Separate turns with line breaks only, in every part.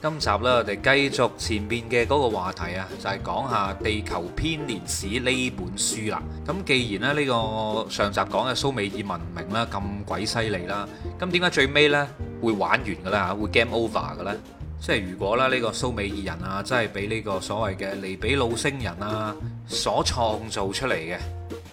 今集啦，我哋繼續前面嘅嗰個話題啊，就係講下《地球編年史》呢本書啦。咁既然咧，呢個上集講嘅蘇美爾文明啦，咁鬼犀利啦，咁點解最尾呢會玩完噶咧吓，會 game over 噶咧？即係如果咧呢個蘇美爾人啊，真係俾呢個所謂嘅尼比魯星人啊所創造出嚟嘅。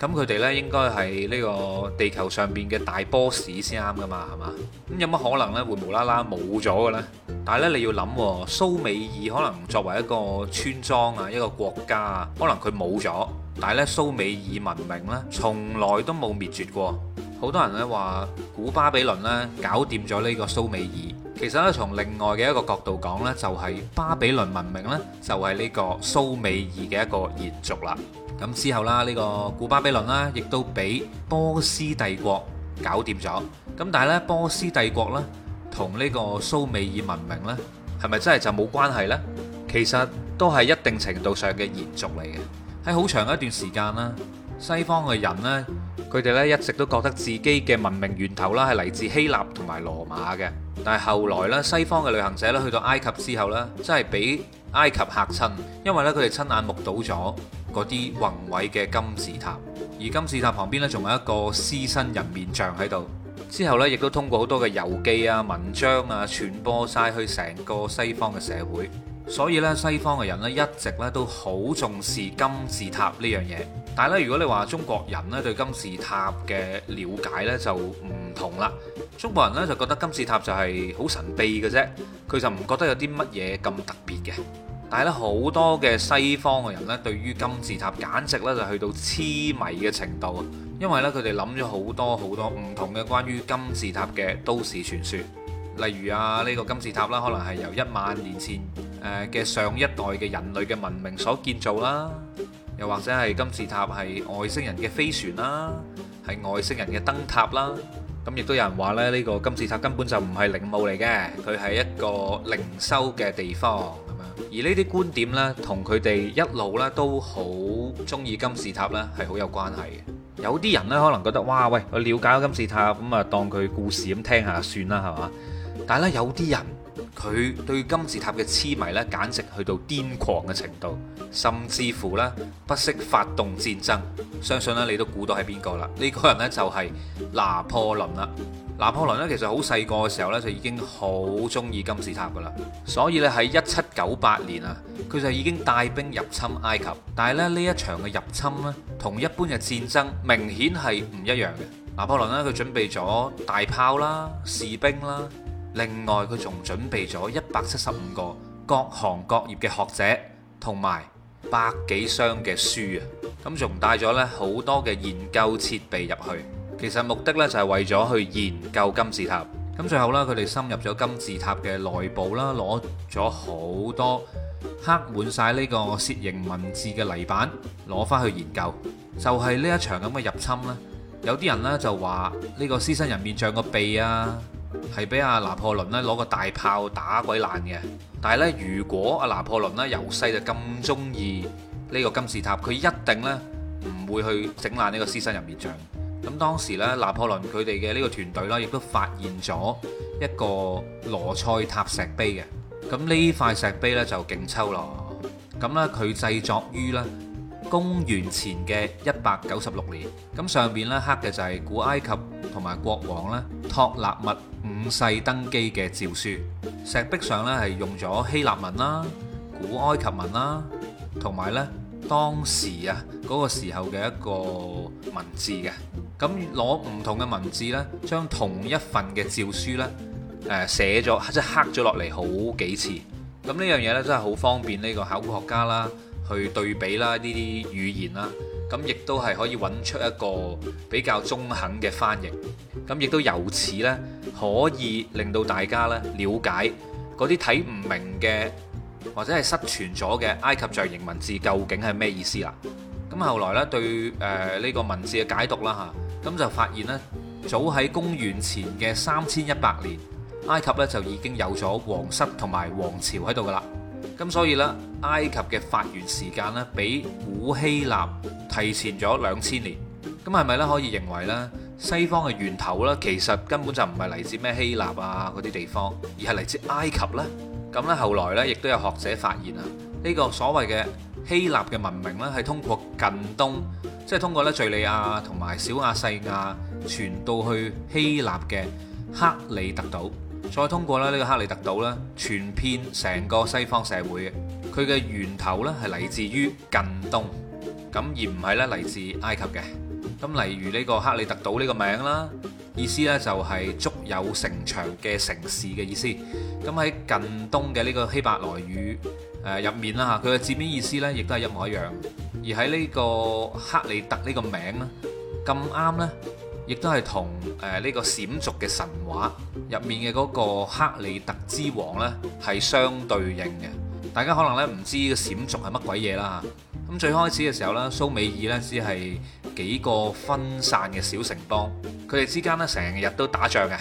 咁佢哋咧應該係呢個地球上邊嘅大 boss 先啱噶嘛，係嘛？咁有乜可能咧會無啦啦冇咗嘅咧？但係咧你要諗，蘇美爾可能作為一個村莊啊，一個國家啊，可能佢冇咗，但係咧蘇美爾文明呢，從來都冇滅絕過。好多人咧話古巴比倫咧搞掂咗呢個蘇美爾，其實呢，從另外嘅一個角度講呢，就係巴比倫文明呢，就係呢個蘇美爾嘅一個延續啦。咁之後啦，呢個古巴比倫啦，亦都俾波斯帝國搞掂咗。咁但係咧，波斯帝國咧同呢個蘇美爾文明呢，係咪真係就冇關係呢？其實都係一定程度上嘅延續嚟嘅。喺好長一段時間啦，西方嘅人呢，佢哋呢一直都覺得自己嘅文明源頭啦係嚟自希臘同埋羅馬嘅。但係後來呢，西方嘅旅行者呢去到埃及之後呢，真係俾埃及嚇親，因為呢，佢哋親眼目睹咗。嗰啲宏偉嘅金字塔，而金字塔旁邊呢仲有一個獅身人面像喺度。之後呢亦都通過好多嘅遊記啊、文章啊傳播晒去成個西方嘅社會。所以呢，西方嘅人呢一直咧都好重視金字塔呢樣嘢。但係咧，如果你話中國人呢對金字塔嘅了解呢就唔同啦。中國人呢就覺得金字塔就係好神秘嘅啫，佢就唔覺得有啲乜嘢咁特別嘅。但係咧，好多嘅西方嘅人咧，對於金字塔簡直咧就去到痴迷嘅程度，因為咧佢哋諗咗好多好多唔同嘅關於金字塔嘅都市傳說，例如啊呢個金字塔啦，可能係由一萬年前誒嘅上一代嘅人類嘅文明所建造啦，又或者係金字塔係外星人嘅飛船啦，係外星人嘅燈塔啦。咁亦都有人話咧，呢個金字塔根本就唔係陵墓嚟嘅，佢係一個靈修嘅地方。而呢啲觀點呢，同佢哋一路呢都好中意金字塔呢，係好有關係嘅。有啲人呢可能覺得哇喂，我了解到金字塔咁啊，當佢故事咁聽下算啦，係嘛？但係咧，有啲人。佢對金字塔嘅痴迷咧，簡直去到癲狂嘅程度，甚至乎咧不惜發動戰爭。相信咧你都估到係邊個啦？呢個人咧就係拿破崙啦。拿破崙咧其實好細個嘅時候咧就已經好中意金字塔噶啦，所以咧喺一七九八年啊，佢就已經帶兵入侵埃及。但係咧呢一場嘅入侵咧，同一般嘅戰爭明顯係唔一樣嘅。拿破崙咧佢準備咗大炮啦、士兵啦。另外佢仲準備咗一百七十五個各行各業嘅學者，同埋百幾箱嘅書啊，咁仲帶咗咧好多嘅研究設備入去。其實目的呢，就係為咗去研究金字塔。咁最後咧，佢哋深入咗金字塔嘅內部啦，攞咗好多刻滿晒呢個楔形文字嘅泥板攞返去研究。就係、是、呢一場咁嘅入侵啦。有啲人呢，就話呢個獅身人面像個鼻啊，係俾阿拿破崙咧攞個大炮打鬼爛嘅但係咧，如果阿拿破崙咧由細就咁中意呢個金字塔，佢一定呢唔會去整爛呢個獅身人面像。咁當時呢，拿破崙佢哋嘅呢個團隊呢，亦都發現咗一個羅塞塔石碑嘅。咁呢塊石碑呢，就勁抽咯。咁呢，佢製作於呢公元前嘅一百九十六年。咁上邊呢，刻嘅就係古埃及同埋國王呢，托勒密五世登基嘅詔書石壁上咧係用咗希臘文啦、古埃及文啦，同埋咧當時啊嗰、那個時候嘅一個文字嘅咁攞唔同嘅文字咧，將同一份嘅詔書咧誒、呃、寫咗即係刻咗落嚟好幾次。咁、嗯、呢樣嘢咧真係好方便呢個考古學家啦去對比啦呢啲語言啦，咁、嗯、亦都係可以揾出一個比較中肯嘅翻譯。咁亦都由此咧，可以令到大家咧了解嗰啲睇唔明嘅，或者係失傳咗嘅埃及象形文字究竟係咩意思啦。咁後來咧對誒呢個文字嘅解讀啦，吓咁就發現呢，早喺公元前嘅三千一百年，埃及咧就已經有咗皇室同埋王朝喺度噶啦。咁所以呢，埃及嘅發源時間呢，比古希臘提前咗兩千年。咁係咪呢？可以認為呢。西方嘅源頭啦，其實根本就唔係嚟自咩希臘啊嗰啲地方，而係嚟自埃及啦。咁咧，後來咧亦都有學者發現啊，呢個所謂嘅希臘嘅文明咧，係通過近東，即係通過咧敍利亞同埋小亞細亞，傳到去希臘嘅克里特島，再通過咧呢個克里特島咧，傳遍成個西方社會。佢嘅源頭咧係嚟自於近東，咁而唔係咧嚟自埃及嘅。咁例如呢個克里特島呢個名啦，意思呢就係築有城牆嘅城市嘅意思。咁喺近東嘅呢個希伯來語誒入面啦，佢嘅字面意思呢亦都係一模一樣。而喺呢個克里特呢個名呢，咁啱呢亦都係同誒呢個閃族嘅神話入面嘅嗰個克里特之王呢係相對應嘅。大家可能呢唔知個閃族係乜鬼嘢啦。咁最開始嘅時候呢，蘇美爾呢只係幾個分散嘅小城邦，佢哋之間咧成日都打仗嘅。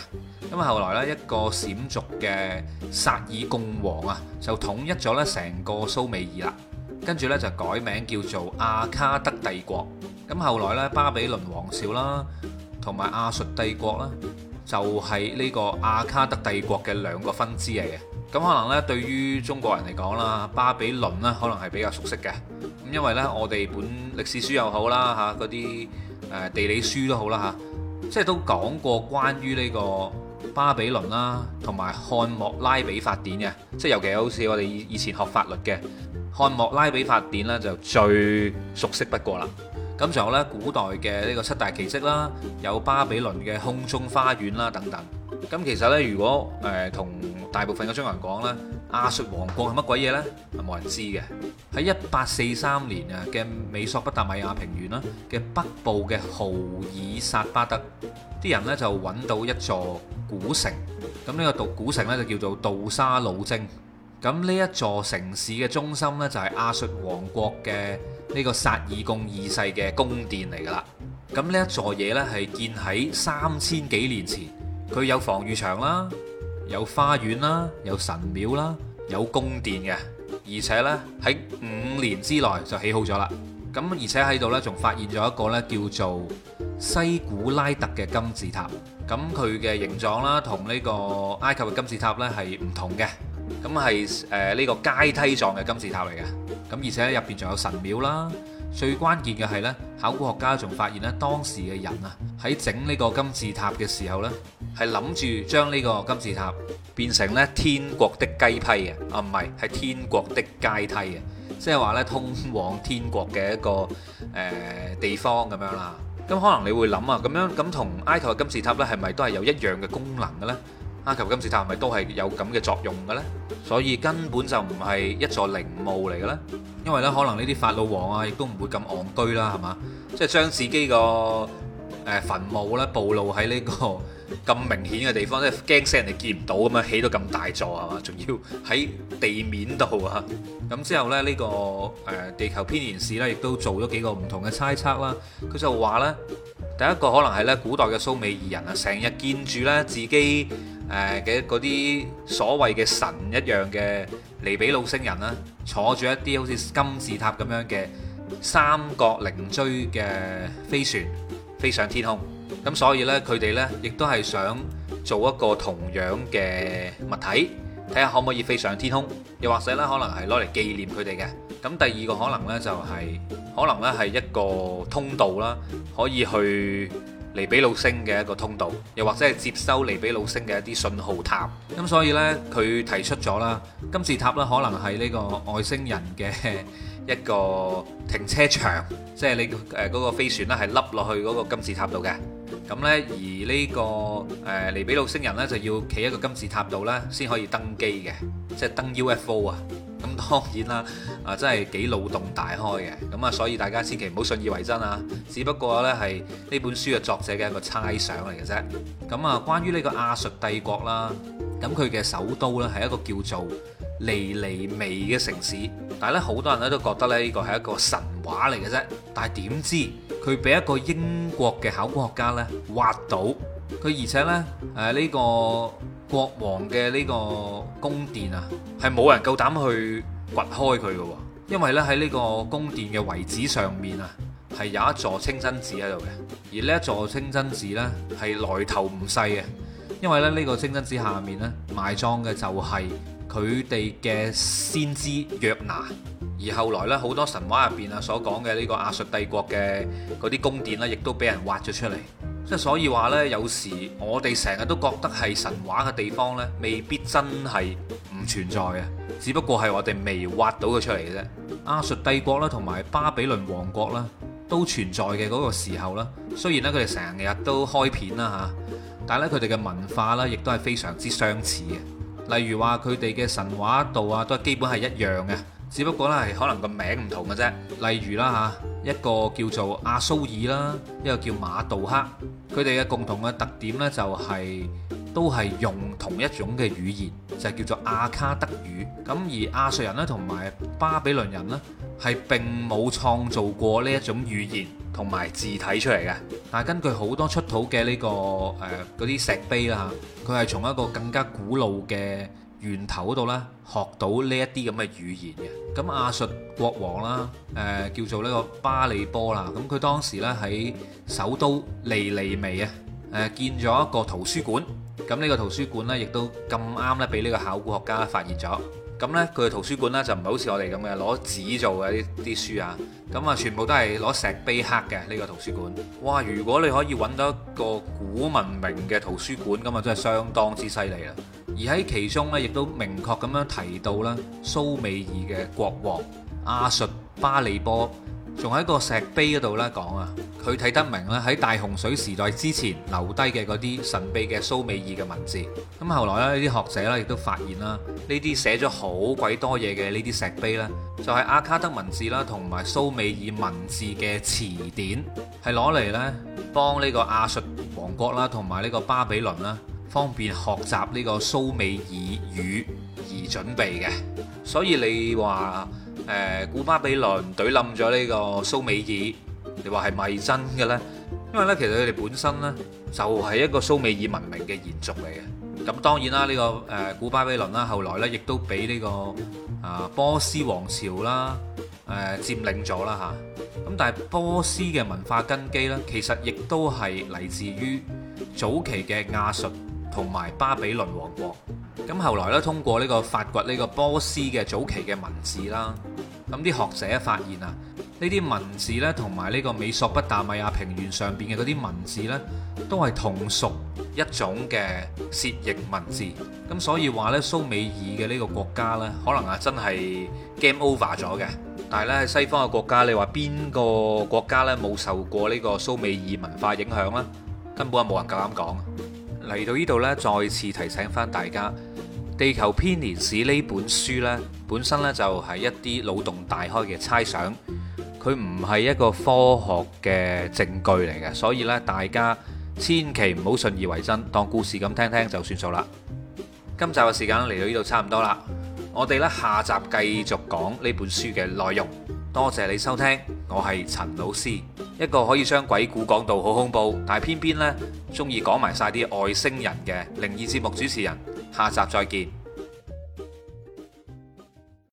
咁啊，後來一個閃族嘅薩爾共王啊，就統一咗咧成個蘇美爾啦，跟住呢，就改名叫做阿卡德帝國。咁後來呢，巴比倫王朝啦，同埋亞述帝國啦，就係呢個阿卡德帝國嘅兩個分支嚟嘅。咁可能呢，對於中國人嚟講啦，巴比倫咧可能係比較熟悉嘅。因為呢，我哋本歷史書又好啦，嚇嗰啲誒地理書都好啦，嚇即係都講過關於呢個巴比倫啦，同埋漢莫拉比法典嘅，即係尤其好似我哋以以前學法律嘅漢莫拉比法典呢，就最熟悉不過啦。咁仲有呢，古代嘅呢個七大奇蹟啦，有巴比倫嘅空中花園啦等等。咁其實呢，如果誒同大部分嘅中國人講呢。亞述王國係乜鬼嘢呢？係冇人知嘅。喺一八四三年啊嘅美索不達米亞平原啦嘅北部嘅豪爾薩巴德，啲人呢，就揾到一座古城。咁、這、呢個古古城呢，就叫做杜沙老精。咁呢一座城市嘅中心呢，就係亞述王國嘅呢個薩爾貢二世嘅宮殿嚟噶啦。咁呢一座嘢呢，係建喺三千幾年前，佢有防禦牆啦。有花園啦，有神廟啦，有宮殿嘅，而且呢，喺五年之內就起好咗啦。咁而且喺度呢，仲發現咗一個呢叫做西古拉特嘅金字塔。咁佢嘅形狀啦，同呢個埃及嘅金字塔呢係唔同嘅。咁係誒呢個階梯狀嘅金字塔嚟嘅。咁而且入邊仲有神廟啦。最關鍵嘅係呢，考古學家仲發現呢，當時嘅人啊喺整呢個金字塔嘅時候呢，係諗住將呢個金字塔變成咧天國的雞批嘅，啊唔係，係天國的階梯嘅，即係話咧通往天國嘅一個誒地方咁樣啦。咁可能你會諗啊，咁樣咁同埃及嘅金字塔咧係咪都係有一樣嘅功能嘅咧？埃及金字塔係咪都係有咁嘅作用嘅咧？所以根本就唔係一座陵墓嚟嘅咧，因為咧可能呢啲法老王啊亦都唔會咁戇居啦，係嘛？即係將自己個誒墳墓咧暴露喺呢個。咁明顯嘅地方，即係驚死人哋見唔到咁樣，起到咁大座係嘛？仲要喺地面度啊！咁之後咧，呢個誒地球編年史咧，亦都做咗幾個唔同嘅猜測啦。佢就話咧，第一個可能係咧，古代嘅蘇美爾人啊，成日見住咧自己誒嘅嗰啲所謂嘅神一樣嘅尼比魯星人啦，坐住一啲好似金字塔咁樣嘅三角棱錐嘅飛船飛上天空。咁所以呢，佢哋呢亦都係想做一個同樣嘅物體，睇下可唔可以飛上天空，又或者呢，可能係攞嚟紀念佢哋嘅。咁第二個可能呢，就係，可能呢係一個通道啦，可以去尼比魯星嘅一個通道，又或者係接收尼比魯星嘅一啲信號塔。咁所以呢，佢提出咗啦，金字塔呢，可能係呢個外星人嘅。一個停車場，即係你誒嗰、那個飛船啦，係凹落去嗰個金字塔度嘅。咁呢，而呢、這個誒、呃、尼比魯星人呢，就要企喺個金字塔度呢，先可以登機嘅，即係登 UFO 啊。咁當然啦，啊真係幾腦洞大開嘅。咁啊，所以大家千祈唔好信以為真啊。只不過呢，係呢本書嘅作者嘅一個猜想嚟嘅啫。咁啊，關於呢個亞述帝國啦，咁佢嘅首都呢，係一個叫做。尼尼微嘅城市，但係咧，好多人都覺得咧，呢個係一個神話嚟嘅啫。但係點知佢俾一個英國嘅考古學家呢挖到佢，而且呢，誒、這、呢個國王嘅呢個宮殿啊，係冇人夠膽去掘開佢嘅喎，因為呢，喺呢個宮殿嘅遺址上面啊，係有一座清真寺喺度嘅，而呢一座清真寺呢，係來頭唔細嘅，因為咧呢、這個清真寺下面呢，埋葬嘅就係、是。佢哋嘅先知約拿，而後來咧，好多神話入邊啊，所講嘅呢個亞述帝國嘅嗰啲宮殿咧，亦都俾人挖咗出嚟。即係所以話呢，有時我哋成日都覺得係神話嘅地方呢，未必真係唔存在嘅，只不過係我哋未挖到佢出嚟嘅啫。亞述帝國啦，同埋巴比倫王國啦，都存在嘅嗰個時候啦。雖然呢，佢哋成日都開片啦嚇，但係咧，佢哋嘅文化呢，亦都係非常之相似嘅。例如話佢哋嘅神話度啊，都係基本係一樣嘅，只不過呢係可能個名唔同嘅啫。例如啦嚇，一個叫做阿蘇爾啦，一個叫馬杜克，佢哋嘅共同嘅特點呢、就是，就係都係用同一種嘅語言，就係、是、叫做阿卡德語。咁而亞述人呢，同埋巴比倫人呢，係並冇創造過呢一種語言。同埋字體出嚟嘅，但係根據好多出土嘅呢、這個誒嗰啲石碑啦，佢係從一個更加古老嘅源頭嗰度咧學到呢一啲咁嘅語言嘅。咁亞述國王啦，誒、呃、叫做呢個巴利波啦，咁、嗯、佢當時呢喺首都利利美啊，誒建咗一個圖書館，咁、嗯、呢、這個圖書館呢，亦都咁啱咧俾呢個考古學家發現咗。咁呢，佢嘅圖書館呢，就唔係好似我哋咁嘅攞紙做嘅啲啲書啊，咁啊全部都係攞石碑刻嘅呢個圖書館。哇！如果你可以揾到一個古文明嘅圖書館，咁啊真係相當之犀利啦。而喺其中呢，亦都明確咁樣提到啦，蘇美爾嘅國王阿述巴里波，仲喺個石碑嗰度咧講啊。佢睇得明咧，喺大洪水時代之前留低嘅嗰啲神秘嘅蘇美爾嘅文字。咁後來呢啲學者呢，亦都發現啦，呢啲寫咗好鬼多嘢嘅呢啲石碑呢，就係阿卡德文字啦，同埋蘇美爾文字嘅詞典，係攞嚟呢，幫呢個亞述王國啦，同埋呢個巴比倫啦，方便學習呢個蘇美爾語而準備嘅。所以你話誒古巴比倫懟冧咗呢個蘇美爾？你話係咪真嘅咧？因為咧，其實佢哋本身咧就係一個蘇美爾文明嘅延續嚟嘅。咁當然啦，呢個誒古巴比倫啦，後來咧亦都俾呢個啊波斯王朝啦，誒佔領咗啦吓，咁但係波斯嘅文化根基咧，其實亦都係嚟自於早期嘅亞述同埋巴比倫王國。咁後來咧，通過呢個發掘呢個波斯嘅早期嘅文字啦，咁啲學者發現啊～呢啲文字呢，同埋呢個美索不達米亞平原上邊嘅嗰啲文字呢，都係同屬一種嘅楔形文字。咁所以話呢蘇美爾嘅呢個國家呢，可能啊真係 game over 咗嘅。但係呢，西方嘅國家，你話邊個國家呢冇受過呢個蘇美爾文化影響啦？根本啊冇人夠膽講啊。嚟到呢度呢，再次提醒翻大家，《地球編年史》呢本書呢，本身呢就係一啲腦洞大開嘅猜想。佢唔係一個科學嘅證據嚟嘅，所以呢大家千祈唔好信以為真，當故事咁聽聽就算數啦。今集嘅時間嚟到呢度差唔多啦，我哋呢下集繼續講呢本書嘅內容。多謝你收聽，我係陳老師，一個可以將鬼故講到好恐怖，但係偏偏呢中意講埋晒啲外星人嘅靈異節目主持人。下集再見。